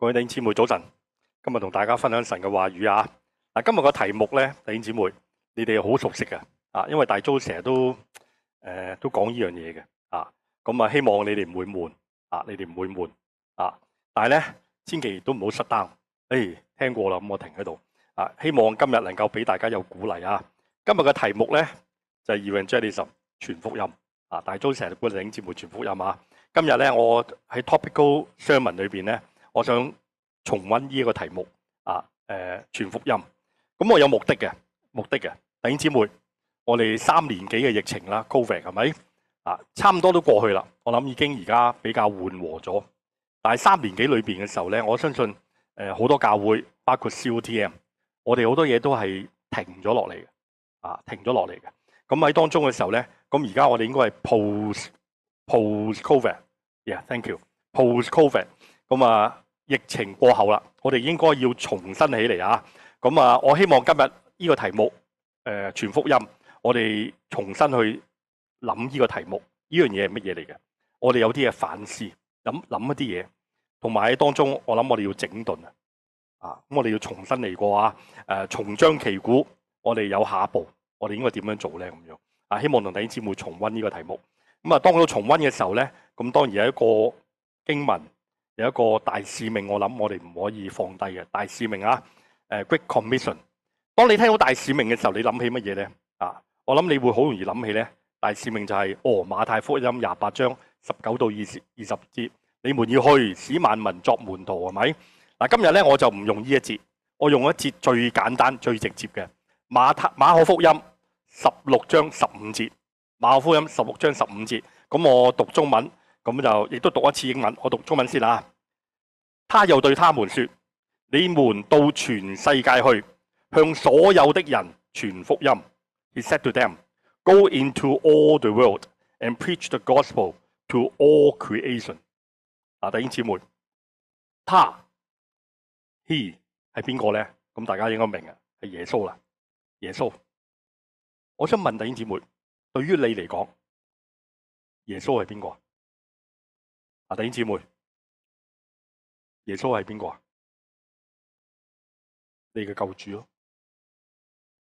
各位弟兄姊妹，早晨！今日同大家分享神嘅話語啊！嗱，今日個題目咧，弟兄姊妹，你哋好熟悉嘅啊，因為大 Joe 成日都誒、呃、都講呢樣嘢嘅啊。咁啊，希望你哋唔會悶啊，你哋唔會悶啊。但係咧，千祈都唔好失單。誒、哎，聽過啦，咁我停喺度啊。希望今日能夠俾大家有鼓勵啊！今日嘅題目咧就係《Evangelism》全福音啊！大 Joe 成日鼓勵弟兄姊妹全福音啊！今日咧我喺 top《Topical Sermon》裏邊咧。我想重温呢一個題目啊！誒、呃，傳福音咁，我有目的嘅。目的嘅，弟兄姊妹，我哋三年幾嘅疫情啦，Covid 係咪啊？差唔多都過去啦，我諗已經而家比較緩和咗。但係三年幾裏邊嘅時候咧，我相信誒好多教會，包括 COTM，我哋好多嘢都係停咗落嚟嘅啊，停咗落嚟嘅。咁喺當中嘅時候咧，咁而家我哋應該係 post post covid，yeah，thank you，post covid。咁 CO、yeah, CO 啊～疫情過後啦，我哋應該要重新起嚟啊！咁啊，我希望今日呢個題目，誒、呃、傳福音，我哋重新去諗呢個題目，呢樣嘢係乜嘢嚟嘅？我哋有啲嘢反思，諗諗一啲嘢，同埋喺當中，我諗我哋要整頓啊！啊，我哋要重新嚟過啊！誒，重張旗鼓，我哋有下步，我哋應該點樣做咧？咁樣啊，希望同弟兄姊妹重温呢個題目。咁啊，當佢重温嘅時候咧，咁當然係一個經文。有一個大使命，我諗我哋唔可以放低嘅大使命啊！誒，Great Commission。當你聽到大使命嘅時候，你諗起乜嘢呢？啊，我諗你會好容易諗起呢。大使命就係《馬太福音》廿八章十九到二十二十節，你們要去使萬民作門徒，係咪？嗱，今日呢我就唔用呢一節，我用一節最簡單、最直接嘅《馬太馬可福音》十六章十五節，《馬可福音》十六章十五節。咁我讀中文，咁就亦都讀一次英文。我讀中文先啦。他又對他們說：你們到全世界去，向所有的人傳福音。He said to them, Go into all the world and preach the gospel to all creation。啊，弟兄姊妹，他，He 係邊個咧？咁大家應該明啊，係耶穌啦。耶穌，我想問弟兄姊妹，對於你嚟講，耶穌係邊個？啊，弟兄姊妹。耶穌係邊個啊？你嘅救主咯、啊。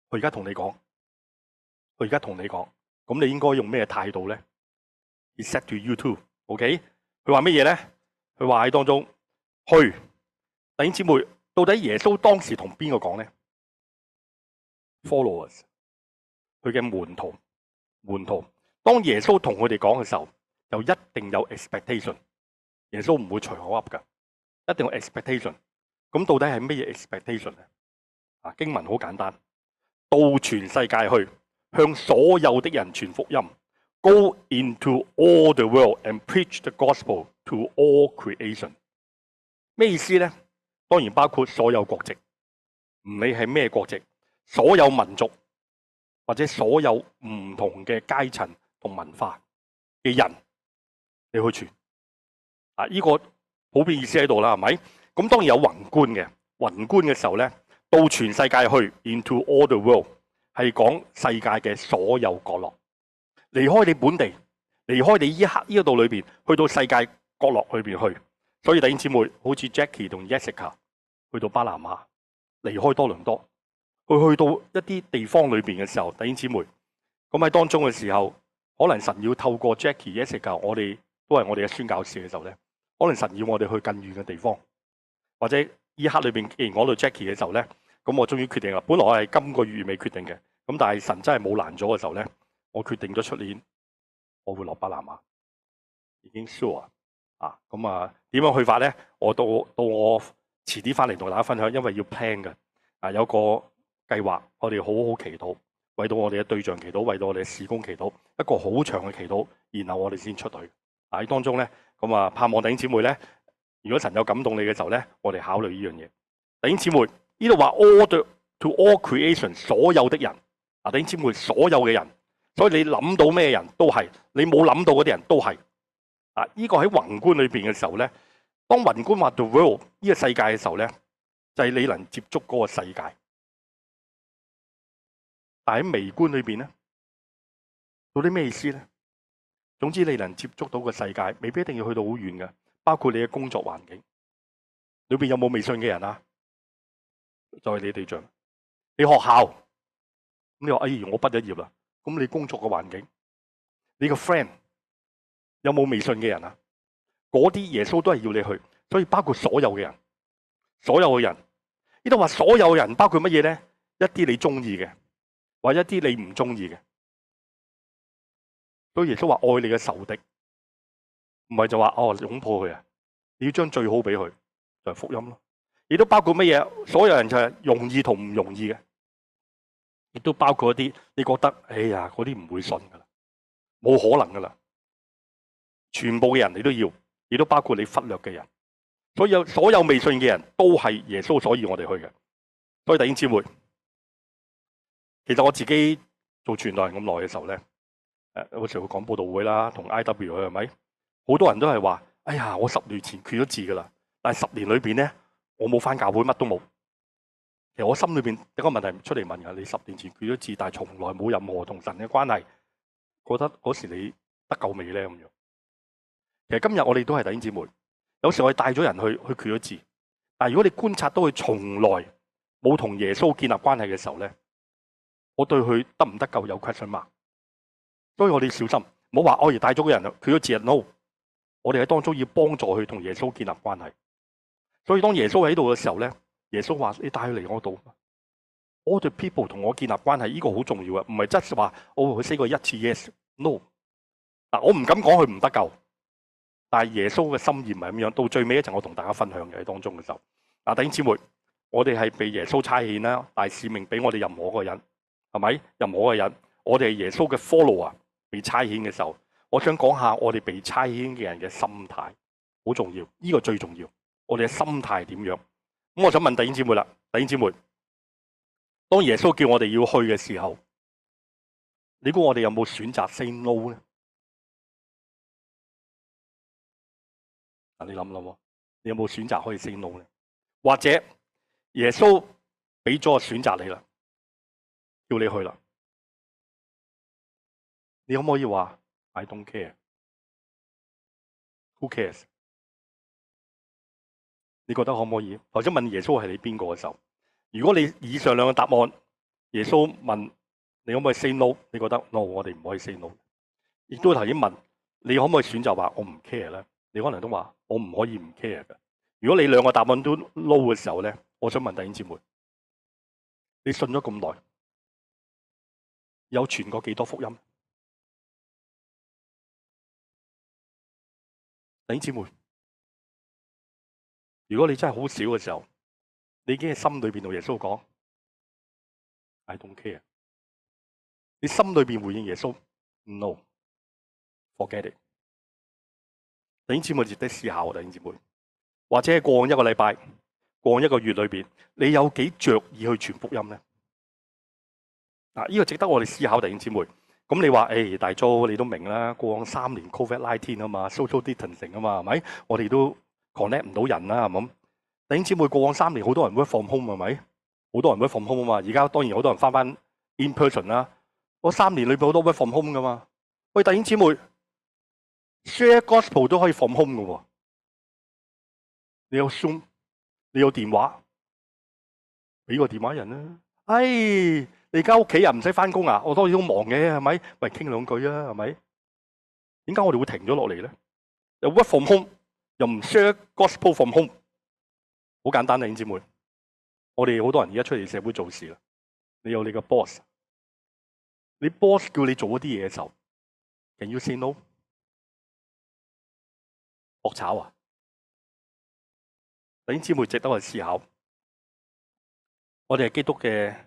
佢而家同你講，佢而家同你講，咁你應該用咩態度咧？It’s said to you too，OK？、Okay? 佢話乜嘢咧？佢話喺當中，去弟兄姊妹，到底耶穌當時同邊個講咧？Followers，佢嘅門徒，門徒。當耶穌同佢哋講嘅時候，就一定有 expectation。耶穌唔會隨口噏㗎。一定有 expectation，咁到底係咩嘢 expectation 咧？啊經文好簡單，到全世界去，向所有的人傳福音。Go into all the world and preach the gospel to all creation。咩意思咧？當然包括所有國籍，唔理係咩國籍，所有民族或者所有唔同嘅階層同文化嘅人，你去傳。啊、這、呢個。普遍意思喺度啦，係咪？咁當然有宏觀嘅，宏觀嘅時候咧，到全世界去，into all the world，係講世界嘅所有角落，離開你本地，離開你依刻依度裏邊，去到世界角落裏邊去。所以弟兄姊妹，好似 Jackie 同 Jessica 去到巴拿馬，離開多倫多，佢去到一啲地方裏邊嘅時候，弟兄姊妹，咁喺當中嘅時候，可能神要透過 Jackie、Jessica，我哋都係我哋嘅宣教士嘅時候咧。可能神要我哋去更遠嘅地方，或者依刻裏邊，既然我到 Jackie 嘅時候咧，咁我終於決定啦。本來我係今個月未決定嘅，咁但係神真係冇難咗嘅時候咧，我決定咗出年我會落巴拿馬，已經 sure 啊。咁啊，點樣去法咧？我到到我遲啲翻嚟同大家分享，因為要 plan 嘅啊，有個計劃，我哋好好祈禱，為到我哋嘅對象祈禱，為到我哋嘅事工祈禱，一個好長嘅祈禱，然後我哋先出去。嗱、啊、喺當中咧。咁啊，盼望弟兄姊妹咧，如果神有感動你嘅時候咧，我哋考慮呢樣嘢。弟兄姊妹，呢度話 all the to all creation，所有的人，啊，弟兄姊妹，所有嘅人，所以你諗到咩人都係，你冇諗到嗰啲人都係。啊，呢、這個喺宏觀裏邊嘅時候咧，當宏觀話 the world 呢個世界嘅時候咧，就係、是、你能接觸嗰個世界。但喺微觀裏邊咧，到底咩意思咧？總之，你能接觸到個世界，未必一定要去到好遠嘅。包括你嘅工作環境，裏邊有冇微信嘅人啊？就係、是、你對象、你學校。咁你話：哎，我畢咗業啦。咁你工作嘅環境，你個 friend 有冇微信嘅人啊？嗰啲耶穌都係要你去，所以包括所有嘅人，所有嘅人。呢度話所有嘅人包括乜嘢咧？一啲你中意嘅，或者一啲你唔中意嘅。所以耶穌話愛你嘅仇敵，唔係就話哦，擁抱佢啊，你要將最好俾佢，就係福音咯。亦都包括乜嘢？所有人就係容易同唔容易嘅，亦都包括一啲你覺得哎呀，嗰啲唔會信噶啦，冇可能噶啦，全部嘅人你都要，亦都包括你忽略嘅人。所有所有未信嘅人都係耶穌所以我哋去嘅。所以弟兄姊妹，其實我自己做傳道人咁耐嘅時候咧。嗰時我講報道會啦，同 I.W. 佢係咪好多人都係話：哎呀，我十年前決咗志㗎啦，但係十年裏邊咧，我冇返教會，乜都冇。其實我心裏邊有一個問題出嚟問㗎，你十年前決咗志，但係從來冇任何同神嘅關係，覺得嗰時你得救未咧咁樣？其實今日我哋都係弟兄姊妹，有時候我哋帶咗人去去決咗志。但係如果你觀察到佢從來冇同耶穌建立關係嘅時候咧，我對佢得唔得救有 question mark。所以我哋小心，唔好話我而帶咗個人，佢都直日 no。我哋喺當中要幫助佢同耶穌建立關係。所以當耶穌喺度嘅時候咧，耶穌話：你、哎、帶佢嚟我度。我 l people 同我建立關係，呢、這個好重要呀。是是」唔係即 u 話我同佢 say 過一次 yes no。嗱、啊，我唔敢講佢唔得救，但係耶穌嘅心意唔係咁樣。到最尾一陣，我同大家分享嘅喺當中嘅時候，啊弟兄姊妹，我哋係被耶穌差遣啦，帶使命俾我哋任何一個人，係咪？任何一個人，我哋係耶穌嘅 follower。被差遣嘅時候，我想講下我哋被差遣嘅人嘅心態好重要，呢個最重要。我哋嘅心態點樣？咁我想問弟兄姊妹啦，弟兄姊妹，當耶穌叫我哋要去嘅時候，你估我哋有冇選擇 say no 咧？嗱，你諗諗，你有冇選擇可以 say no 咧？或者耶穌俾咗個選擇你啦，叫你去啦。你可唔可以話 I don't care？Who cares？你覺得可唔可以？或者問耶穌係你邊個嘅時候？如果你以上兩個答案，耶穌問你可唔可以 say no？你覺得 no，我哋唔可以 say no。亦都頭先問你可唔可以選擇話我唔 care 咧？你可能都話我唔可以唔 care 嘅。如果你兩個答案都 no 嘅時候咧，我想問弟兄姊妹，你信咗咁耐，有傳過幾多福音？弟兄姐妹，如果你真係好少嘅時候，你已經係心裏面同耶穌講 I don't care。你心裏面回應耶穌，No，forget it。弟兄姐妹值得思考，弟兄姐妹，或者係過一個禮拜、過一個月裏面，你有幾着意去傳福音呢？嗱，呢個值得我哋思考，弟兄姐妹。咁你話誒、哎、大眾你都明啦，過往三年 c o v e d 1 9天啊嘛，social distancing 啊嘛，係咪？我哋都 connect 唔到人啦，係咪？弟兄姊妹，過往三年好多人會放空，係咪？好多人會放空啊嘛，而家當然好多人翻翻 in person 啦。我三年裏面好多都放空噶嘛。喂，弟兄姊妹，share gospel 都可以放空噶喎。你有相，你有電話，俾個電話人啦。哎～你而家屋企人唔使翻工啊，我都要都忙嘅，係咪？咪傾兩句啊，係咪？點解我哋會停咗落嚟咧？又 work from home，又唔 share gospel from home，好簡單啊，兄姐妹。我哋好多人而家出嚟社會做事啦，你有你個 boss，你 boss 叫你做一啲嘢嘅時候，can you say no，搏炒啊！兄姐妹值得去思考。我哋係基督嘅。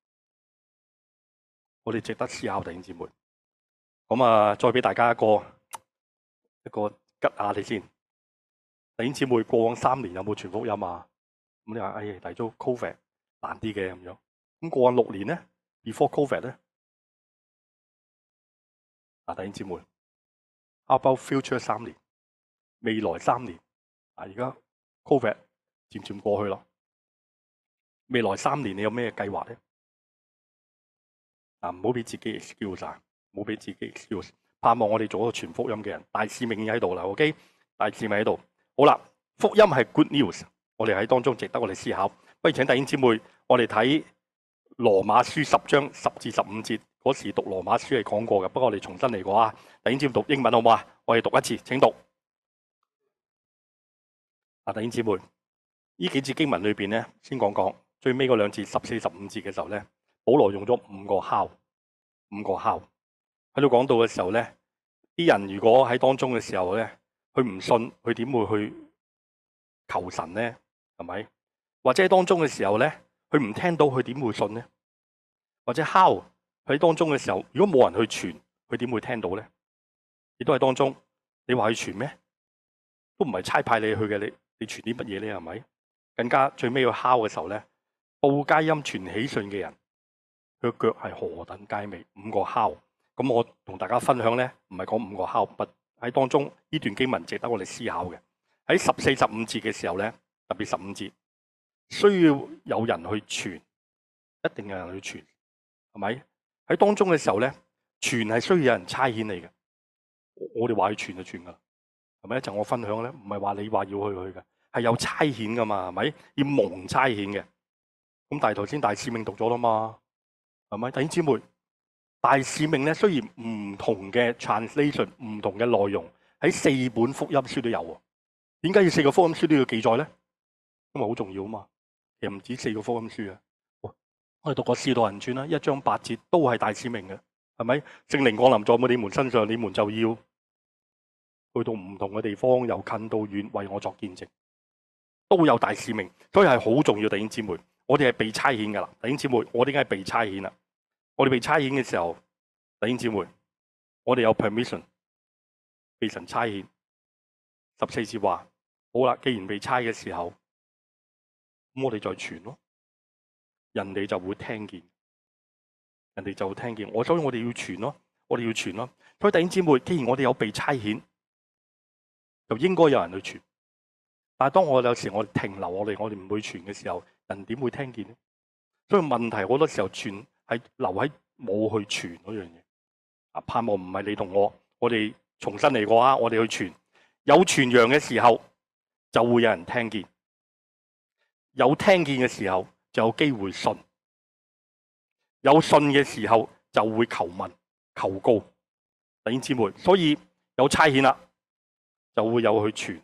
我哋值得思考，弟兄姊妹。咁啊，再俾大家一個一個吉一下你先。弟兄姊妹，過往三年有冇傳福音啊？咁你話，哎呀，大咗 Covid 難啲嘅咁樣。咁過往六年咧，before Covid 咧，啊，弟兄姊妹，How about future 三年，未來三年，啊，而家 Covid 漸漸過去啦。未來三年你有咩計劃咧？啊！唔好俾自己 excuse 啊，唔好俾自己 excuse。盼望我哋做一個傳福音嘅人，大使命又喺度啦。OK，大使命喺度。好啦，福音係 good news，我哋喺當中值得我哋思考。不如請弟兄姊妹，我哋睇羅馬書十章十至十五節。嗰時讀羅馬書係講過嘅，不過我哋重新嚟過啊。弟兄姐妹讀英文好唔好啊？我哋讀一次，請讀。啊，弟兄姊妹，呢幾節經文裏邊咧，先講講最尾嗰兩節十四、十五節嘅時候咧。保羅用咗五個敲，五個敲，喺度講到嘅時候咧，啲人如果喺當中嘅時候咧，佢唔信，佢點會去求神咧？係咪？或者喺當中嘅時候咧，佢唔聽到，佢點會信咧？或者敲喺當中嘅時候，如果冇人去傳，佢點會聽到咧？亦都係當中，你話去傳咩？都唔係差派你去嘅，你你傳啲乜嘢咧？係咪？更加最尾要敲嘅時候咧，報佳音傳喜訊嘅人。個腳係何等佳美，五個烤。咁我同大家分享咧，唔係講五個烤，不喺當中呢段經文值得我哋思考嘅。喺十四、十五節嘅時候咧，特別十五節需要有人去傳，一定有人去傳，係咪？喺當中嘅時候咧，傳係需要有人差遣嚟嘅。我哋話去傳就傳㗎啦，係咪？一陣我分享咧，唔係話你話要去去嘅，係有差遣㗎嘛，係咪？要蒙差遣嘅。咁但係頭先大使命讀咗啦嘛。係咪弟兄姊妹？大使命咧，雖然唔同嘅 translation，唔同嘅內容喺四本福音書都有。點解要四個福音書都要記載咧？因為好重要啊嘛。其實唔止四個福音書啊。我哋讀過《使徒行傳》啦，一章八節都係大使命嘅，係咪？聖靈降臨在你們身上，你們就要去到唔同嘅地方，由近到遠，為我作見證，都有大使命，所以係好重要，弟兄姊妹。我哋係被差遣嘅啦，弟兄姊妹，我哋梗係被差遣啦？我哋被差遣嘅時候，弟兄姊妹，我哋有 permission 被神差遣。十四節話好啦，既然被差嘅時候，咁我哋再傳咯，人哋就會聽見，人哋就會聽見。我所以我哋要傳咯，我哋要傳咯。所以弟兄姊妹，既然我哋有被差遣，就應該有人去傳。但係當我有時我哋停留我哋，我哋唔會傳嘅時候。人點會聽見呢？所以問題好多時候傳係留喺冇去傳嗰樣嘢啊！盼望唔係你同我，我哋重新嚟過啊！我哋去傳，有傳揚嘅時候就會有人聽見，有聽見嘅時候就有機會信，有信嘅時候就會求問、求告，弟兄姊妹。所以有差遣啦，就會有去傳，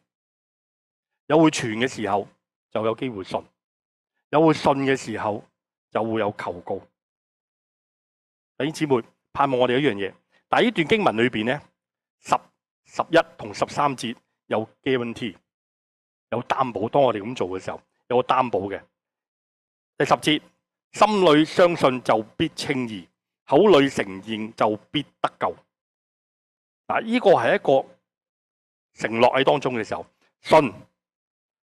有去傳嘅時候就有機會信。有會信嘅時候，就會有求告。弟兄姊妹，盼望我哋一樣嘢。但呢段經文裏邊咧，十、十一同十三節有 guarantee，有擔保。當我哋咁做嘅時候，有個擔保嘅。第十節，心裏相信就必稱義，口裏承認就必得救。嗱，呢個係一個承諾喺當中嘅時候，信，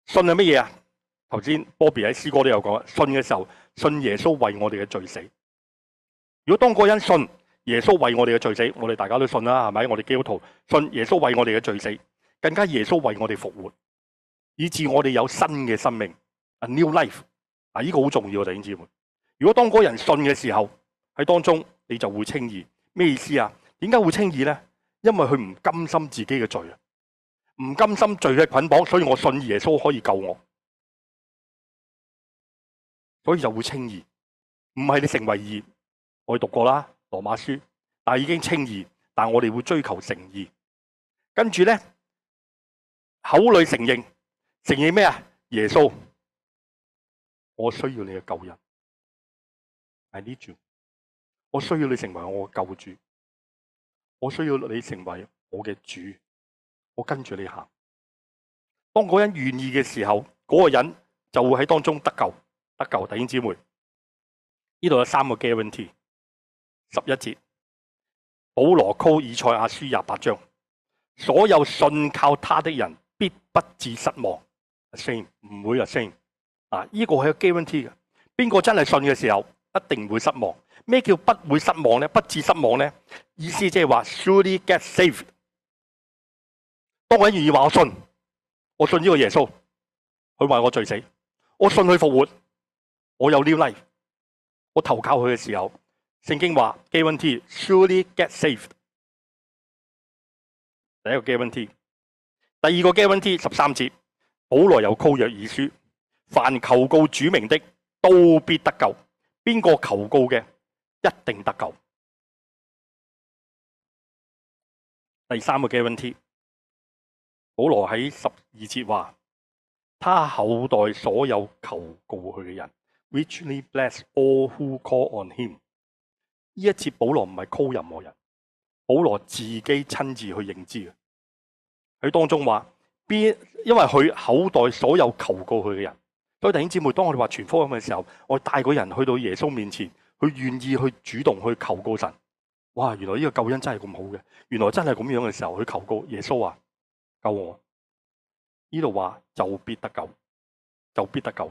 信係乜嘢啊？頭先，Bobby 喺詩歌都有講，信嘅時候，信耶穌為我哋嘅罪死。如果當嗰個人信耶穌為我哋嘅罪死，我哋大家都信啦，係咪？我哋基督徒信耶穌為我哋嘅罪死，更加耶穌為我哋復活，以致我哋有新嘅生命，a new life。啊，呢個好重要，弟兄姊妹。如果當嗰個人信嘅時候喺當中，你就會稱義。咩意思啊？點解會稱義咧？因為佢唔甘心自己嘅罪啊，唔甘心罪嘅捆綁，所以我信耶穌可以救我。所以就會稱義，唔係你成為義。我哋讀過啦，《羅馬書》但已經稱義，但係已經稱義。但係我哋會追求誠義。跟住咧，口裏承認，承認咩啊？耶穌，我需要你嘅救恩。I need you。我需要你成為我嘅救主。我需要你成為我嘅主。我跟住你行。當嗰個人願意嘅時候，嗰、那個人就會喺當中得救。得救，弟兄姊妹，呢度有三個 guarantee，十一節，保羅 call 以賽亞書廿八章，所有信靠他的人必不致失望。升唔會啊升啊！呢、這個係個 guarantee 嘅，邊個真係信嘅時候一定會失望。咩叫不會失望咧？不致失望咧？意思即係話 surely get saved。當我願意話我信，我信呢個耶穌，佢為我罪死，我信佢復活。我有 new life，我投靠佢嘅時候，聖經話：，guarantee surely get saved。第一個 guarantee，第二個 guarantee 十三節，保羅有 quote 約珥書：，凡求告主名的，都必得救。邊個求告嘅，一定得救。第三個 guarantee，保羅喺十二節話：，他後代所有求告佢嘅人。Richly bless all who call on Him。呢一次，保羅唔係 call 任何人，保羅自己親自去認知嘅。佢當中話因為佢口袋所有求過佢嘅人。所以弟兄姊妹，當我哋話傳福音嘅時候，我帶個人去到耶穌面前，佢願意去主動去求過神。哇，原來呢個救恩真係咁好嘅，原來真係咁樣嘅時候，佢求過耶穌啊，救我。呢度話就必得救，就必得救。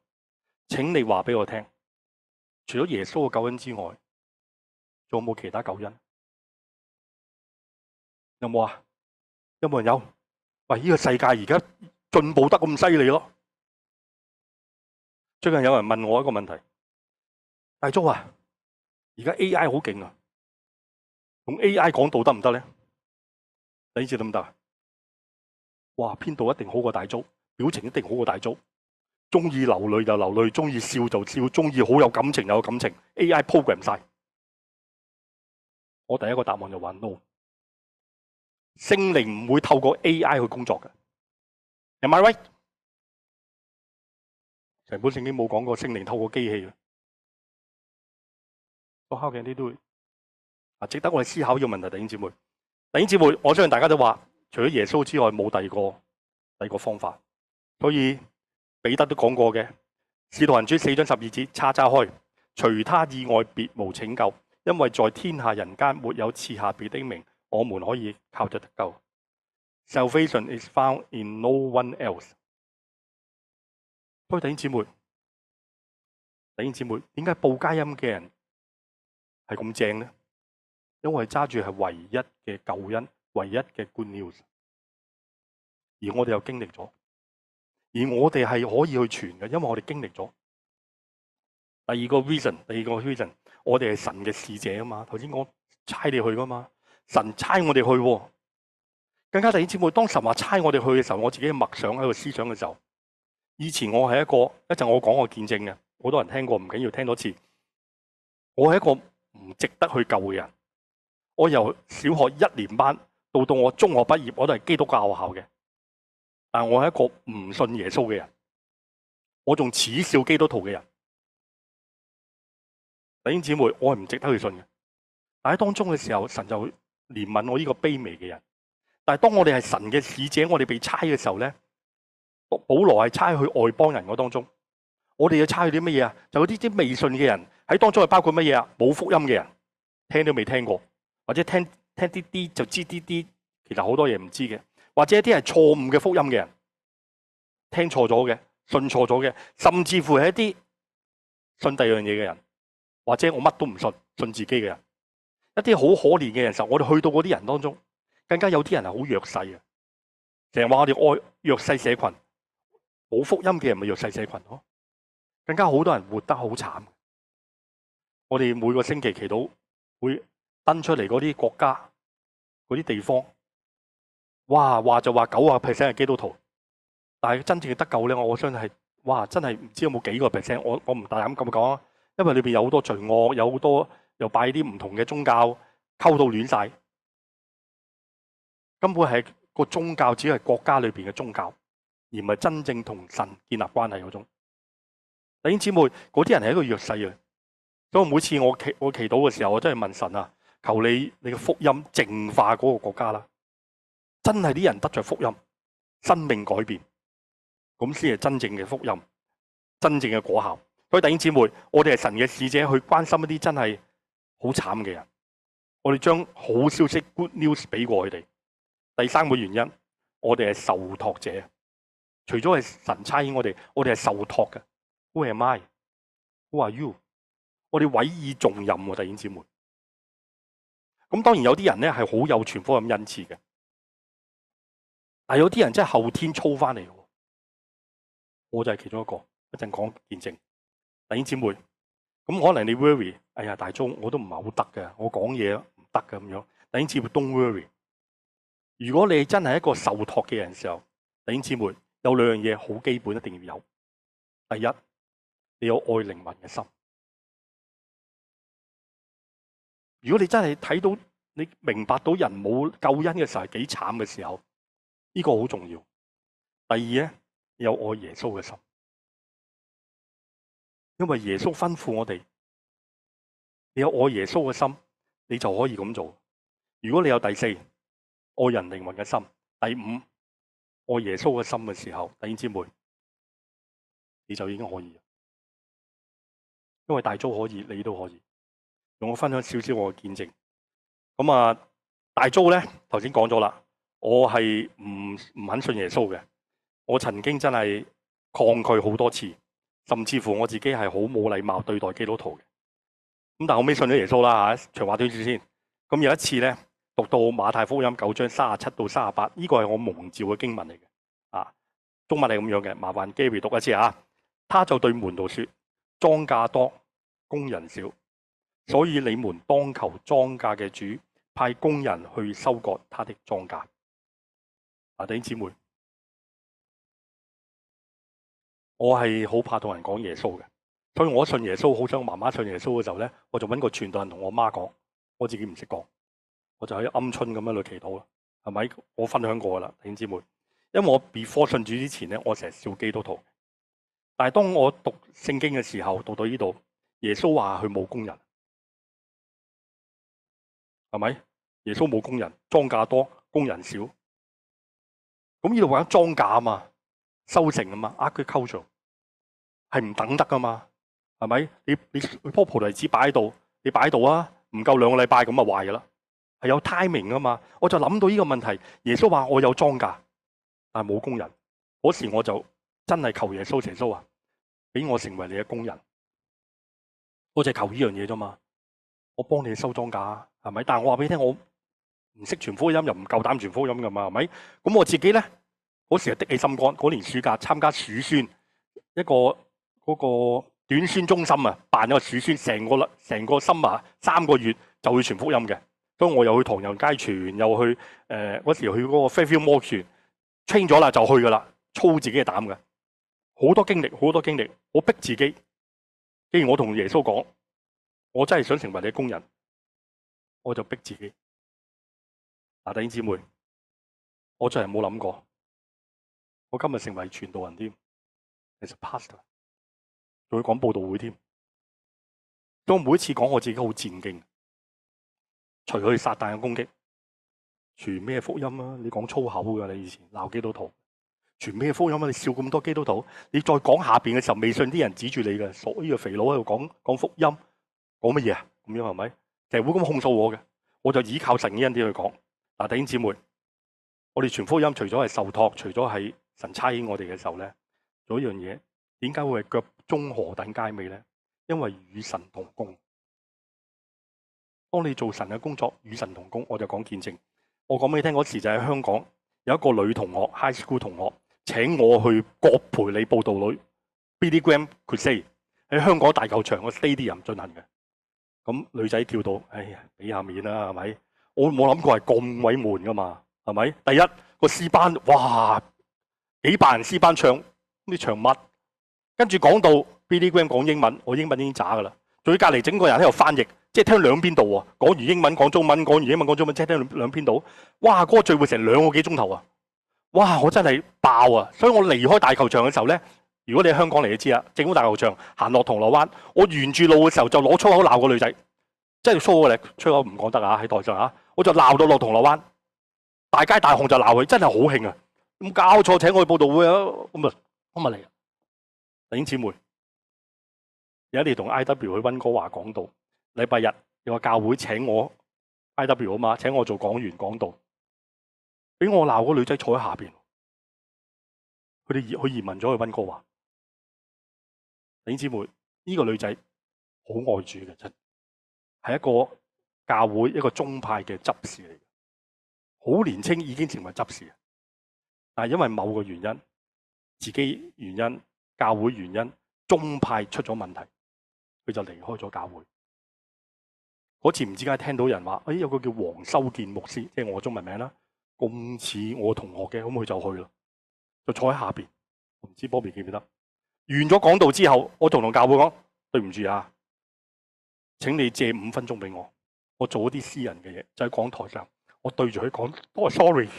請你話俾我聽，除咗耶穌嘅救恩之外，仲有冇其他救恩？有冇啊？有冇人有？喂，呢個世界而家進步得咁犀利咯！最近有人問我一個問題：大足啊，而家 A.I. 好勁啊，用 A.I. 講道得唔得咧？呢次得唔得啊？哇，編導一定好過大足，表情一定好過大足。」中意流淚就流淚，中意笑就笑，中意好有感情就有感情。AI program 晒，我第一個答案就話 no，聖靈唔會透過 AI 去工作嘅，Am I right？成本聖經冇講過聖靈透過機器嘅，我敲嘅啲都啊值得我哋思考呢個問題，弟兄姐妹，弟兄姐妹，我相信大家都話，除咗耶穌之外，冇第二個第二個方法，所以。彼得都講過嘅，《使徒行傳》四章十二節，叉叉開，除他以外別無拯救，因為在天下人間沒有賜下別的名，我們可以靠着得救。Salvation is found in no one else。各位弟兄姊妹，弟兄姊妹，點解報佳音嘅人係咁正呢？因為揸住係唯一嘅救恩，唯一嘅 good news 而我哋又經歷咗。而我哋係可以去傳嘅，因為我哋經歷咗第二個 reason，第二個 reason，我哋係神嘅使者啊嘛。頭先我差你去噶嘛，神差我哋去，更加第二點，每當神話差我哋去嘅時候，我自己默想喺度思想嘅時候。以前我係一個一陣，我講我見證嘅，好多人聽過，唔緊要聽多次。我係一個唔值得去救嘅人，我由小學一年班到到我中學畢業，我都係基督教學校嘅。但係我係一個唔信耶穌嘅人，我仲恥笑基督徒嘅人。弟兄姊妹，我係唔值得去信嘅。但喺當中嘅時候，神就會憐憫我呢個卑微嘅人。但係當我哋係神嘅使者，我哋被差嘅時候咧，保羅係差去外邦人嘅當中，我哋要差去啲乜嘢啊？就嗰啲啲未信嘅人喺當中係包括乜嘢啊？冇福音嘅人，聽都未聽過，或者聽聽啲啲就知啲啲，其實好多嘢唔知嘅。或者一啲係錯誤嘅福音嘅人，聽錯咗嘅，信錯咗嘅，甚至乎係一啲信第二樣嘢嘅人，或者我乜都唔信，信自己嘅人，一啲好可憐嘅人實，我哋去到嗰啲人當中，更加有啲人係好弱勢嘅，成日話我哋愛弱勢社群，冇福音嘅人咪弱勢社群咯，更加好多人活得好慘。我哋每個星期祈禱會登出嚟嗰啲國家，嗰啲地方。哇，話就話九啊 percent 係基督徒，但係真正嘅得救咧，我相信係哇，真係唔知有冇幾個 percent。我我唔大膽咁講啊，因為裏邊有好多罪惡，有好多又拜啲唔同嘅宗教，溝到亂晒。根本係個宗教只係國家裏邊嘅宗教，而唔係真正同神建立關係嗰種。弟兄姊妹，嗰啲人係一個弱勢啊！所以我每次我祈我祈禱嘅時候，我真係問神啊，求你你嘅福音淨化嗰個國家啦。真係啲人得着福音，生命改變，咁先係真正嘅福音，真正嘅果效。所以弟兄姊妹，我哋係神嘅使者，去關心一啲真係好慘嘅人，我哋將好消息 good news 俾過佢哋。第三個原因，我哋係受託者，除咗係神差遣我哋，我哋係受託嘅。Who am I? Who are you? 我哋委以重任喎，弟兄姊妹。咁當然有啲人咧係好有傳福音咁恩賜嘅。但有啲人真係後天操翻嚟，我就係其中一個。一陣講見證。弟兄姐妹，咁可能你 worry，哎呀，大 Joe 我都唔係好得嘅，我講嘢唔得嘅咁樣。弟兄姐妹，Don't worry。如果你真係一個受託嘅人嘅時候，弟兄姐妹有兩樣嘢好基本一定要有。第一，你有愛靈魂嘅心。如果你真係睇到你明白到人冇救恩嘅時候係幾慘嘅時候。呢個好重要。第二咧，你有愛耶穌嘅心，因為耶穌吩咐我哋，你有愛耶穌嘅心，你就可以咁做。如果你有第四，愛人靈魂嘅心；第五，愛耶穌嘅心嘅時候，弟兄姐妹，你就已經可以。因為 Dai Joe 可以，你都可以。讓我分享少少我嘅見證。咁啊，Dai Joe 咧，頭先講咗啦。我係唔唔肯信耶穌嘅，我曾經真係抗拒好多次，甚至乎我自己係好冇禮貌對待基督徒嘅。咁但係後尾信咗耶穌啦吓，長話短說先。咁有一次咧，讀到馬太福音九章三十七到三十八，呢、這個係我蒙召嘅經文嚟嘅。啊，中文係咁樣嘅，麻煩 Gary 讀一次啊。他就對門徒說：莊稼多，工人少，所以你們當求莊稼嘅主派工人去收割他的莊稼。弟兄姊妹，我係好怕同人講耶穌嘅，所以我信耶穌好想我媽媽信耶穌嘅時候咧，我就搵個傳道人同我媽講，我自己唔識講，我就喺鵪鶉咁樣嚟祈禱啦，係咪？我分享過啦，弟兄姊妹，因為我 before 信主之前咧，我成日笑基督徒，但係當我讀聖經嘅時候，讀到呢度，耶穌話佢冇工人，係咪？耶穌冇工人，莊稼多，工人少。咁呢度有莊稼嘛，收成嘛，呃、佢 culture 係唔等得噶嘛，係咪？你你棵菩提子擺喺度，你擺喺度啊，唔夠兩個禮拜咁啊壞噶啦，係有 timing 噶嘛。我就諗到呢個問題，耶穌話我有莊稼，但係冇工人，嗰時我就真係求耶穌，耶穌啊，俾我成為你嘅工人，我就求呢樣嘢啫嘛，我幫你收莊稼係咪？但係我話俾你聽，我。唔識傳福音，又唔夠膽傳福音噶嘛，係咪？咁我自己咧，嗰時係的起心肝。嗰年暑假參加暑宣一個、嗰個短宣中心啊，辦咗個暑宣，成個成個心啊，三個月就會傳福音嘅。所以我又去唐人街傳，又去誒嗰、呃、時去嗰個 Fairfield Workshop train 咗啦，就去噶啦，操自己嘅膽嘅。好多經歷，好多經歷，我逼自己。既然我同耶穌講，我真係想成為你嘅工人，我就逼自己。嗱，弟兄姊妹，我真係冇諗過，我今日成為傳道人添，你就 pastor，仲要講布道會添。都我每次講我自己好戰兢，除佢撒旦嘅攻擊，傳咩福音啊？你講粗口噶，你以前鬧基督徒，傳咩福音啊？你笑咁多基督徒，你再講下邊嘅時候，未信啲人指住你嘅，所以個肥佬喺度講講福音，講乜嘢啊？咁樣係咪？教、就係、會咁控訴我嘅，我就依靠神恩啲去講。嗱，弟兄姐妹，我哋傳福音除咗係受託，除咗係神差遣我哋嘅時候咧，做一樣嘢，點解會係腳蹤何等佳美咧？因為與神同工。當你做神嘅工作，與神同工，我就講見證。我講俾你聽嗰時就喺香港有一個女同學，high school 同學請我去葛培理佈道會 Billy Graham Crusade 喺香港大球場，我 stadium 人進行嘅。咁女仔跳到，哎呀，俾下面啦，係咪？我冇諗過係咁鬼悶噶嘛，係咪？第一個詩班，哇幾百人詩班唱呢唱乜？跟住講到 Billy Graham 講英文，我英文已經渣噶啦，仲要隔離整個人喺度翻譯，即係聽兩邊度喎。講完英文講中文，講完英文講中，中文，即係聽兩兩邊度。哇！嗰個聚會成兩個幾鐘頭啊！哇！我真係爆啊！所以我離開大球場嘅時候咧，如果你喺香港嚟，你知啦，政府大球場行落銅鑼灣，我沿住路嘅時候就攞粗口鬧個女仔，即係粗口嚟，粗口唔講得啊！喺台上啊！我就鬧到落銅鑼灣，大街大巷就鬧佢，真係好興啊！咁交錯請我去佈道會啊，咁啊，我咪嚟啊！李英姊妹，梅有一年同 I.W. 去溫哥華講道，禮拜日有個教會請我 I.W. 啊嘛，請我做講員講道，俾我鬧個女仔坐喺下邊，佢哋去移民咗去溫哥華。李英姊妹，呢、這個女仔好愛主嘅，真係一個。教會一個宗派嘅執事嚟，好年青已經成為執事，但係因為某個原因、自己原因、教會原因，宗派出咗問題，佢就離開咗教會。嗰次唔知點解聽到人話，誒、哎，有個叫黃修建牧師，即係我中文名啦，咁似我嘅同學嘅，可唔可以就去啦？就坐喺下邊，唔知 Bobby 記唔記得？完咗講道之後，我同同教會講，對唔住啊，請你借五分鐘俾我。我做一啲私人嘅嘢，就喺講台上，我對住佢講，多、oh, 係 sorry。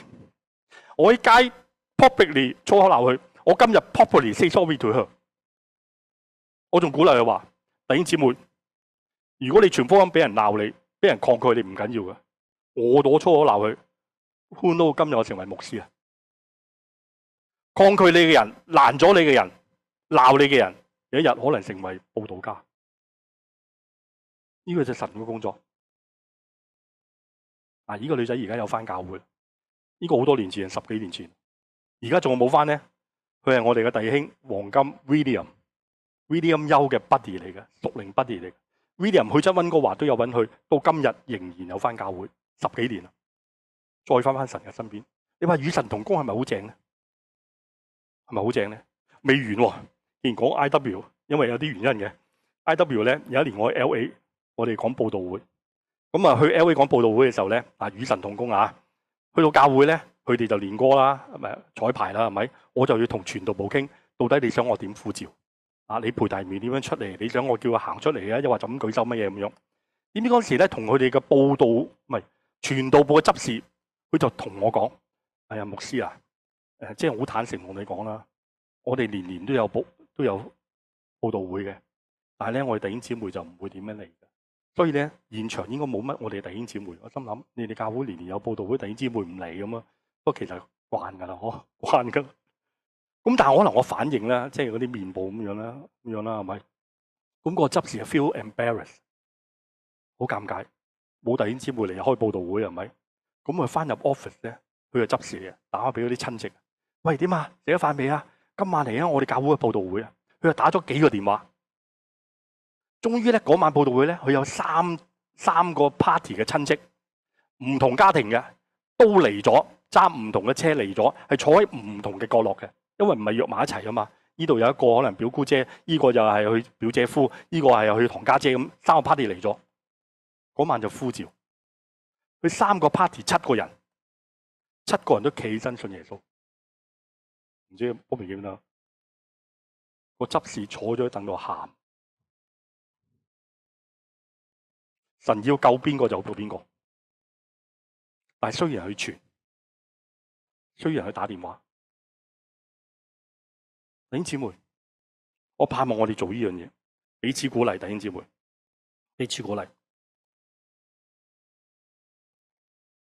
我喺街 publicly 粗口鬧佢，我今日 publicly say sorry to 佢。我仲鼓勵佢話：弟兄姊妹，如果你全方位俾人鬧你、俾人抗拒你，唔緊要嘅。我攞粗口鬧佢，換到今日我成為牧師啊！抗拒你嘅人、攔咗你嘅人、鬧你嘅人，有一日可能成為布道家。呢、這個就神嘅工作。啊！依、這個女仔而家有翻教會，呢、這個好多年前，十幾年前，而家仲有冇翻呢？佢係我哋嘅弟兄，黃金 William，William 優嘅 buddy 嚟嘅，六零 buddy 嚟嘅。William, William 去咗溫哥華都有揾佢，到今日仍然有翻教會，十幾年啦，再翻翻神嘅身邊。你話與神同工係咪好正呢？係咪好正呢？未完喎、啊，然講 I.W.，因為有啲原因嘅。I.W. 咧有一年我去 L.A.，我哋講佈道會。咁啊，去 L.A. 講佈道會嘅時候咧，啊，與神同工啊，去到教會咧，佢哋就練歌啦，咁彩排啦，係咪？我就要同傳道部傾，到底你想我點呼召啊？你陪大面點樣出嚟？你想我叫佢行出嚟啊？又或就咁舉手乜嘢咁樣？點知嗰時咧，同佢哋嘅報道唔係傳道部嘅執事，佢就同我講：「哎呀，牧師啊，誒，即係好坦誠同你講啦，我哋年年都有佈都有佈道會嘅，但係咧，我哋弟兄姊妹就唔會點樣嚟。所以咧，現場應該冇乜我哋弟兄姊妹。我心諗，你哋教會年年有報道會，弟兄姊妹唔嚟咁啊？不過其實慣噶啦，呵，慣噶。咁但係可能我反應咧，即係嗰啲面部咁樣啦，咁樣啦，係咪？咁個執事就 feel embarrassed，好尷尬，冇弟兄姊妹嚟開報道會係咪？咁佢翻入 office 咧，佢就執事嚟嘅，打開俾嗰啲親戚，喂，點啊？食咗飯未啊？今晚嚟啊！我哋教會嘅報道會啊！佢就打咗幾個電話。終於咧晚報道會咧，佢有三三個 party 嘅親戚，唔同家庭嘅都嚟咗，揸唔同嘅車嚟咗，係坐喺唔同嘅角落嘅，因為唔係約埋一齊啊嘛。呢度有一個可能表姑姐，呢、這個又係去表姐夫，呢、這個係去堂家姐咁，三個 party 嚟咗。嗰晚就呼召佢三個 party 七個人，七個人都企起身信耶穌。唔知屋邊點啦，我執事坐咗喺度喊。神要救邊個就要救邊個，但係雖然去傳，雖然去打電話，弟兄姊妹，我盼望我哋做呢樣嘢，彼此鼓勵，弟兄姊妹，彼此鼓勵。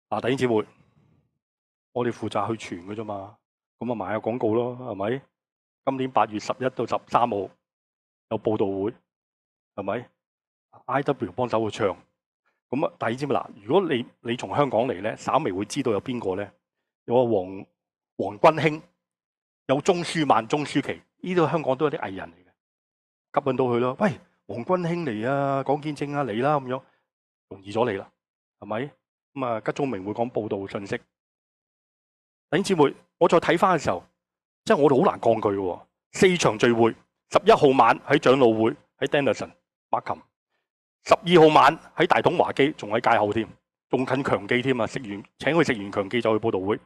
嗱、啊，弟兄姊妹，我哋負責去傳嘅啫嘛，咁啊買下廣告咯，係咪？今年八月十一到十三號有佈道會，係咪？I W 幫手去唱。咁啊，弟兄咪嗱，如果你你從香港嚟咧，稍微會知道有邊個咧？有阿黃黃君興，有鍾舒漫、鍾舒淇，呢度香港都有啲藝人嚟嘅，吸引到佢咯。喂，黃君興嚟啊，講見證啊，你啦咁樣，容易咗你啦，係咪？咁啊，吉宗明會講報道信息。弟兄姊妹，我再睇翻嘅時候，即係我哋好難抗拒嘅。四場聚會，十一號晚喺長老會，喺 Denison，Markham。十二號晚喺大統華基，仲喺街後添，仲近強記添啊！食完請佢食完強記就去佈道會。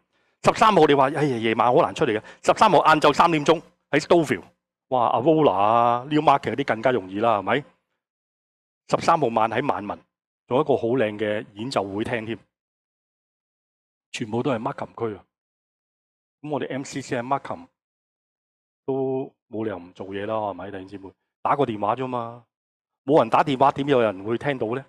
十三號你話唉、哎、呀，夜晚好難出嚟嘅。十三號晏晝三點鐘喺 Stoville，哇！阿 Vola、Newmarket 嗰啲更加容易啦，係咪？十三號晚喺萬民做一個好靚嘅演奏會聽添，全部都係 Markham 區啊。咁我哋 MCC 喺 Markham 都冇理由唔做嘢啦，係咪，弟兄姊妹？打個電話啫嘛。冇人打電話，點有人會聽到咧？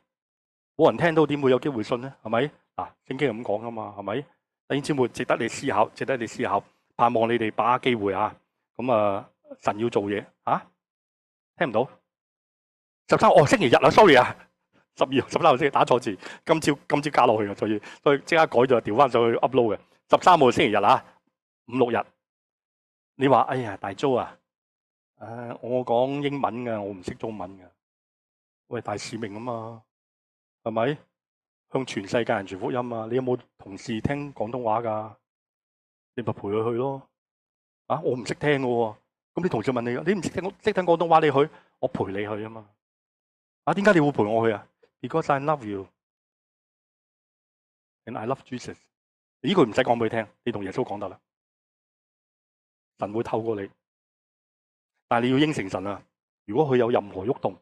冇人聽到，點會有機會信咧？係咪？啊，聖經咁講噶嘛？係咪？等今朝會值得你思考，值得你思考，盼望你哋把握機會啊！咁啊，神要做嘢啊？聽唔到？十三號星期日啊，sorry 啊，十二、十三，先打錯字。今朝今朝加落去啊，所以所以即刻改咗，調翻上去 upload 嘅。十三號星期日啊，五六日。你話哎呀，大 Joe 啊，誒、呃，我講英文噶，我唔識中文噶。喂，大使命啊嘛，係咪向全世界人傳福音啊？你有冇同事聽廣東話噶？你咪陪佢去咯。啊，我唔識聽噶喎。哦，咁你同事問你，你唔識聽，識聽廣東話你去，我陪你去啊嘛。啊，點解你會陪我去啊？Because I love you and I love Jesus。呢句唔使講俾佢聽，你同耶穌講得啦。神會透過你，但係你要應承神啊。如果佢有任何喐動，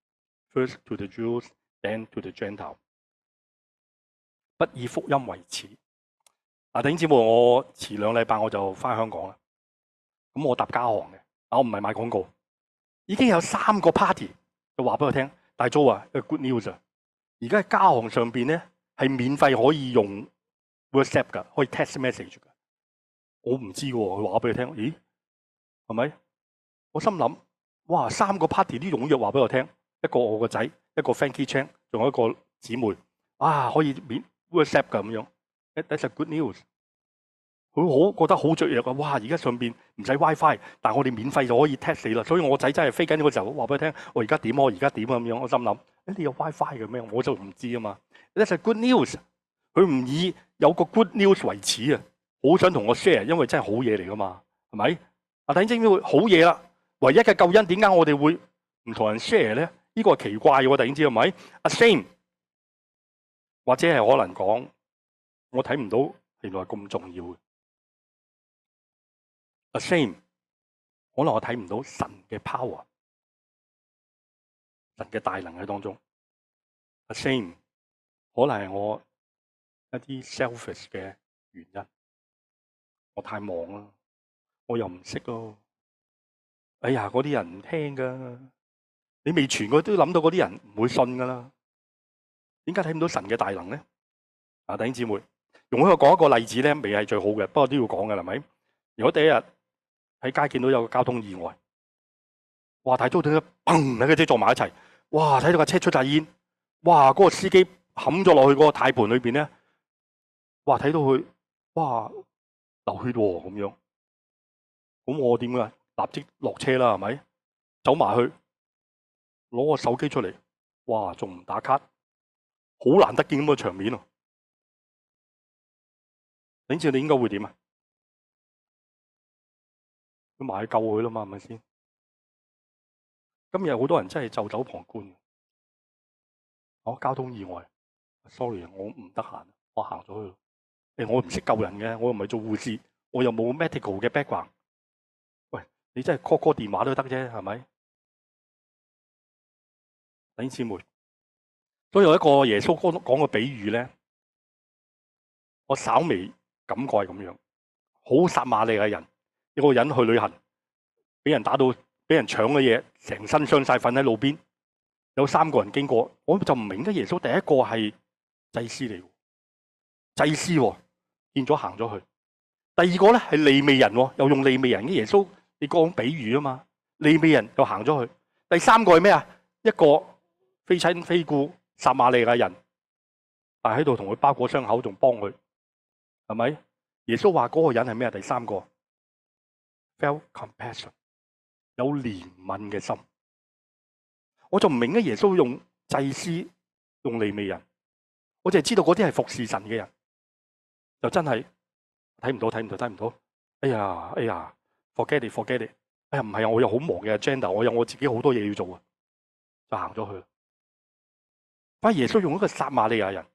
First to the Jews，then to the Gentile，不以福音為恥。啊，丁子我遲兩禮拜我就翻香港啦。咁我搭家行嘅，我唔係賣廣告。已經有三個 party，就話俾我聽，大 Joe 啊，good news 啊。而家喺家行上邊咧，係免費可以用 WhatsApp 㗎，可以 text message 㗎。我唔知喎、啊，佢話俾我聽，咦，係咪？我心諗，哇，三個 party 都踴躍，話俾我聽。一個我個仔，一個 Frankie Cheng，仲有一個姊妹，啊可以免 WhatsApp 噶咁樣。That's a good news，佢好覺得好雀躍啊！哇，而家順便唔使 WiFi，但係我哋免費就可以 test 你啦。所以我個仔真係飛緊嗰時候，話俾佢聽：我而家點？我而家點咁樣？我心諗：誒，你有 WiFi 嘅咩？我就唔知啊嘛。That's a good news，佢唔以有個 good news 為恥啊！好想同我 share，因為真係好嘢嚟噶嘛，係咪？啊，突然之好嘢啦！唯一嘅救恩，點解我哋會唔同人 share 咧？呢個係奇怪嘅，我突然間知係咪？A shame，或者係可能講我睇唔到原來咁重要嘅。A shame，可能我睇唔到神嘅 power，神嘅大能喺當中。A shame，可能係我一啲 selfish 嘅原因，我太忙啦，我又唔識咯，哎呀，嗰啲人唔聽噶。你未傳過都諗到嗰啲人唔會信噶啦？點解睇唔到神嘅大能咧？啊，弟兄姊妹，容許我講一個例子咧，未係最好嘅，不過都要講嘅係咪？如果第一日喺街見到有個交通意外，哇！大車頂啊，嘭！喺個車撞埋一齊，哇！睇到架車出晒煙，哇！嗰、嗰個司機冚咗落去嗰個軚盤裏邊咧，哇！睇到佢哇流血喎，咁樣。咁我點啊？立即落車啦，係咪？走埋去。攞個手機出嚟，哇，仲唔打卡？好難得見咁嘅場面啊！頂住你應該會點啊？埋去救佢啦嘛，係咪先？今日好多人真係袖手旁觀。哦、啊，交通意外，sorry，我唔得閒，我行咗去。誒，我唔識救人嘅，我又唔係做護士，我又冇 medical 嘅 background。喂，你真係 call call 電話都得啫，係咪？天使們，都有一個耶穌講講嘅比喻咧，我稍微感慨咁樣，好撒馬利亞人，一個人去旅行，俾人打到，俾人搶嘅嘢，成身傷晒，瞓喺路邊。有三個人經過，我就唔明得耶穌第一個係祭司嚟，祭司見咗行咗去。第二個咧係利未人，又用利未人嘅耶穌，你講比喻啊嘛，利未人就行咗去。第三個係咩啊？一個。非親非故，撒瑪利亞人，但喺度同佢包裹傷口，仲幫佢，係咪？耶穌話嗰個人係咩？第三個，felt compassion，有憐憫嘅心。我就唔明啊！耶穌用祭司，用利未人，我淨係知道嗰啲係服侍神嘅人。就真係睇唔到，睇唔到，睇唔到。哎呀，哎呀，forget it，forget it。It. 哎呀，唔係啊，我有好忙嘅 agenda，我有我自己好多嘢要做啊，就行咗去。把耶穌用一個撒瑪利亞人，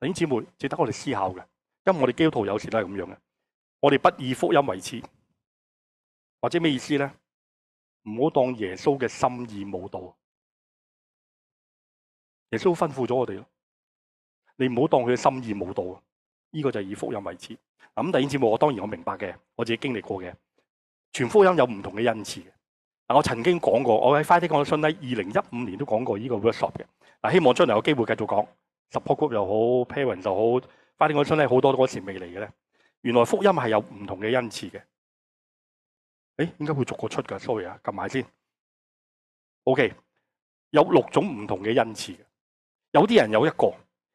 弟兄姊妹值得我哋思考嘅，因為我哋基督徒有時都係咁樣嘅。我哋不以福音為恥，或者咩意思咧？唔好當耶穌嘅心意冇到。耶穌吩咐咗我哋咯，你唔好當佢嘅心意冇到。呢、這個就係以福音為恥。咁弟兄姊妹，我當然我明白嘅，我自己經歷過嘅，傳福音有唔同嘅恩賜。我曾經講過，我喺 Friday 講到信拉，二零一五年都講過呢個 workshop 嘅。嗱，希望將來有機會繼續講 support group 又好，pairing 又好，Friday 講信拉好多都嗰時未嚟嘅咧。原來福音係有唔同嘅恩賜嘅。誒，應該會逐個出㗎，sorry 啊，撳埋先。OK，有六種唔同嘅恩賜嘅，有啲人有一個，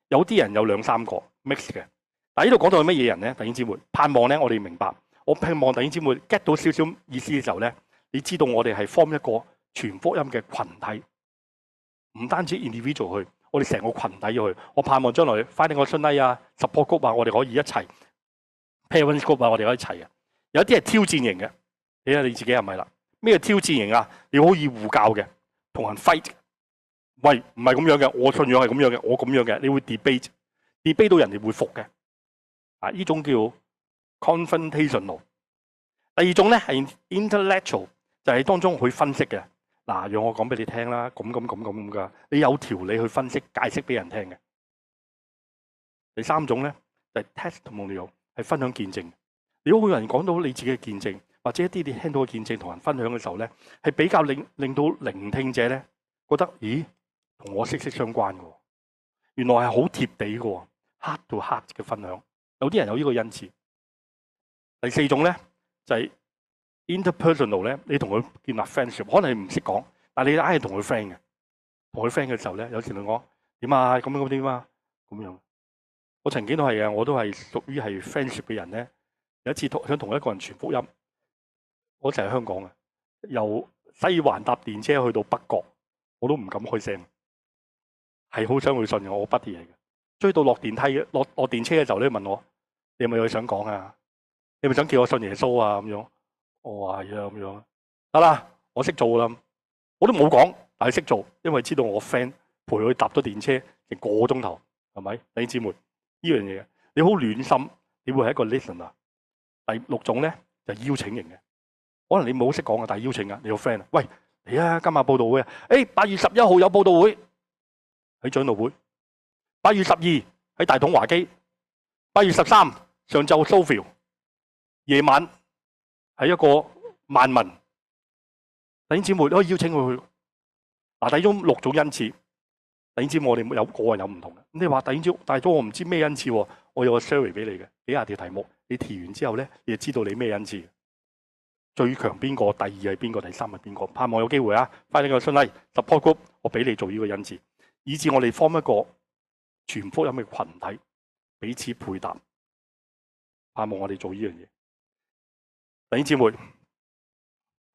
有啲人有兩三個 mixed 嘅。嗱，但呢度講到係乜嘢人咧？弟兄姊妹，盼望咧，我哋明白，我盼望弟兄姊妹 get 到少少意思嘅時候咧。你知道我哋係 form 一個全福音嘅群體，唔單止 individual 去，我哋成個群體要去。我盼望將來 fighting 我信拉啊，support group 啊，我哋可以一齊 parents group 啊，我哋可以一齊嘅。有啲係挑戰型嘅，你睇你自己係咪啦？咩挑戰型啊？你可以互教嘅，同行 fight。喂，唔係咁樣嘅，我信仰係咁樣嘅，我咁樣嘅，你會 debate，debate de 到人哋會服嘅。啊，呢種叫 confrontational。第二種咧係 intellectual。就係當中佢分析嘅，嗱，讓我講俾你聽啦，咁咁咁咁噶，你有條理去分析解釋俾人聽嘅。第三種咧，就係 testimonial 係分享見證，如果有人講到你自己嘅見證，或者一啲你聽到嘅見證同人分享嘅時候咧，係比較令令到聆聽者咧覺得咦，同我息息相關嘅，原來係好貼地嘅，heart to heart 嘅分享。有啲人有呢個恩賜。第四種咧就係、是。interpersonal 咧，Inter personal，你同佢建立 friendship，可能你唔識講，但係你係同佢 friend 嘅，同佢 friend 嘅時候咧，有時佢講點啊，咁咁點啊，咁樣，樣。我曾經都係啊，我都係屬於係 friendship 嘅人咧。有一次同想同一個人傳福音，我就喺香港嘅，由西環搭電車去到北角，我都唔敢開聲，係好想佢信我弟弟，我不啲嘢嘅。追到落電梯、落落電車嘅時候咧，你問我你係咪有嘢想講啊？你係咪想，想叫我信耶穌啊？咁樣。我話啊，咁、哦、樣，得啦，我識做啦，我都冇講，但係識做，因為知道我 friend 陪佢搭咗電車成個鐘頭，係咪？弟兄姊妹，呢樣嘢，你好暖心，你會係一個 listen 啊？第六種咧就是、邀請型嘅，可能你冇識講啊，但係邀請啊，你個 friend，啊，喂嚟啊，今日報道會，誒、哎、八月十一號有報道會喺長老會，八月十二喺大統華基，八月十三上晝 sofi，夜晚。係一個萬民弟兄姊妹都可以邀請佢去。嗱，第二種六種恩賜，弟兄姊妹我，我哋有個人有唔同嘅。你話第二種，第二我唔知咩恩賜，我有個 survey 俾你嘅，幾下條題目，你填完之後咧，你就知道你咩恩賜。最強邊個？第二係邊個？第三係邊個？盼望有機會啊，快啲個信嚟 support group，我俾你做呢個恩賜，以至我哋 form 一個全福音嘅群體，彼此配搭。盼望我哋做呢樣嘢。弟兄姊妹，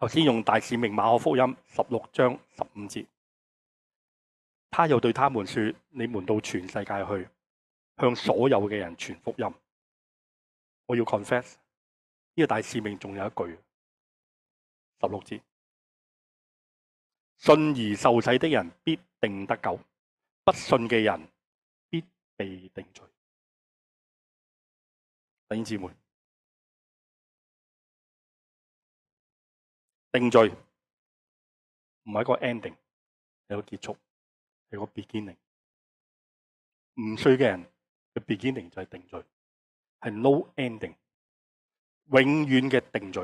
頭先用大使命馬可福音十六章十五節，他又對他們說：你們到全世界去，向所有嘅人傳福音。我要 confess 呢個大使命仲有一句，十六節：信而受洗的人必定得救，不信嘅人必被定罪。弟兄姊妹。定罪唔係一個 ending，係個結束，係個 beginning。唔信嘅人嘅 beginning 就係定罪，係 no ending，永遠嘅定罪，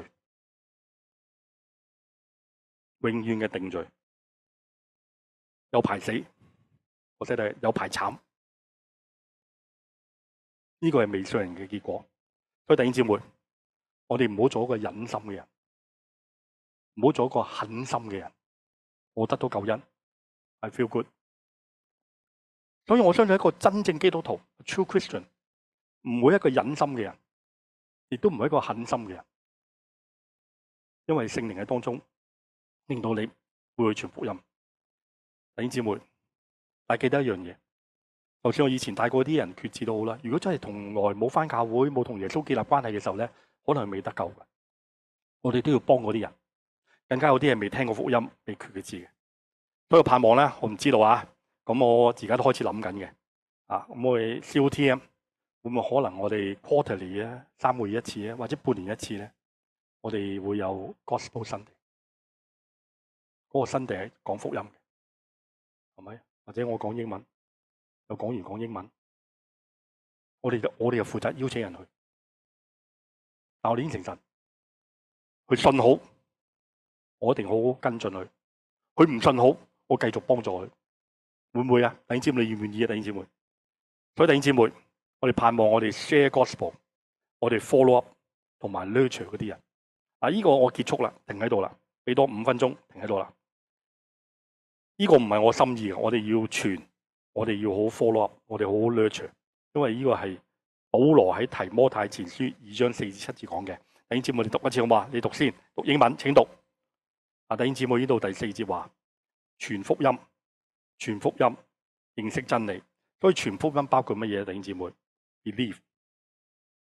永遠嘅定,定罪，有排死，我真係有排慘，呢、呢個係未信人嘅結果。所以弟兄姊妹，我哋唔好做一個忍心嘅人。唔好做一個狠心嘅人，我得到救恩，I feel good。所以我相信一個真正基督徒，a True Christian，唔會一個忍心嘅人，亦都唔係一個狠心嘅人，因為聖靈喺當中令到你會去傳福音。弟兄姊妹，大家記得一樣嘢。就算我以前帶過啲人，決志都好啦。如果真係從來冇翻教會，冇同耶穌建立關係嘅時候咧，可能係未得救。我哋都要幫嗰啲人。更加有啲人未聽過福音，未決佢志嘅，不過我盼望咧，我唔知道啊。咁我而家都開始諗緊嘅，啊，咁我哋 COTM 會唔會可能我哋 quarterly 啊，三個月一次啊，或者半年一次咧，我哋會有 Gospel Sunday，嗰、那個 Sunday 係講福音，嘅，係咪？或者我講英文，又講完講英文，我哋我哋又負責邀請人去，但我哋誠實去信好。我一定好好跟進佢，佢唔信好，我繼續幫助佢，會唔會啊？弟兄姐妹，你願唔願意啊？弟兄姐妹，所以弟兄姐妹，我哋盼望我哋 share gospel，我哋 follow up 同埋 nurture 嗰啲人。啊，呢個我結束啦，停喺度啦，俾多五分鐘，停喺度啦。呢個唔係我心意，我哋要傳，我哋要好好 follow up，我哋好好 nurture，因為呢個係保羅喺提摩太前書二章四至七節講嘅。弟兄姐妹，你讀一次好嘛？你讀先，讀英文，請讀。啊！弟兄姊妹，呢度第四節話全福音、全福音認識真理。所以全福音包括乜嘢？弟兄姊妹 believe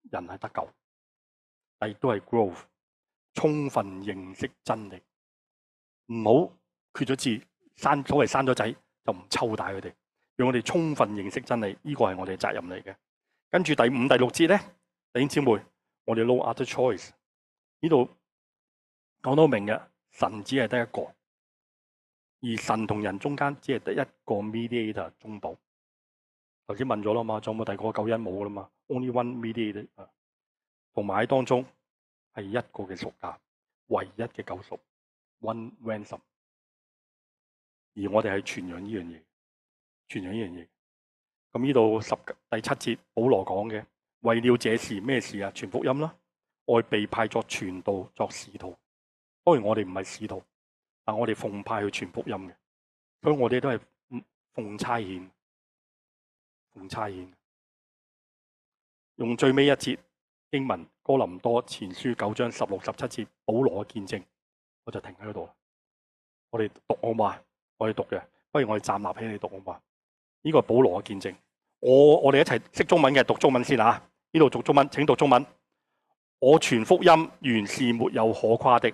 人係得救，但亦都係 growth 充分認識真理。唔好缺咗字，生所謂生咗仔就唔湊大佢哋，讓我哋充分認識真理。呢個係我哋責任嚟嘅。跟住第五、第六節咧，弟兄姊妹，我哋 no other choice 呢度講到明嘅。神只係得一個，而神同人中間只係得一個 mediator 中保，頭先問咗啦嘛，仲有冇第二個救恩冇啦嘛？Only one mediator，同埋喺當中係一個嘅贖價，唯一嘅救贖 one ransom。而我哋係傳揚呢樣嘢，傳揚呢樣嘢。咁呢度十第七節，保羅講嘅，為了這事咩事啊？傳福音啦，我被派作傳道，作使徒。我們不如我哋唔係使徒，但我哋奉派去傳福音嘅，所以我哋都係奉差遣、奉差遣。用最尾一節英文《哥林多前書》九章十六、十七節保羅嘅見證，我就停喺度喇。我哋讀好嘛？我哋讀嘅，不如我哋站立起嚟讀好嘛？呢、這個係保羅嘅見證，我我哋一齊識中文嘅讀中文先啊！呢度讀中文，請讀中文。我傳福音原是沒有可誇的。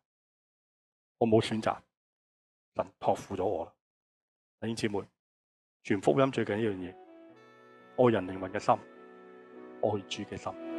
我冇選擇，神托付咗我啦。弟兄姊妹，傳福音最緊要一樣嘢，愛人靈魂嘅心，愛主嘅心。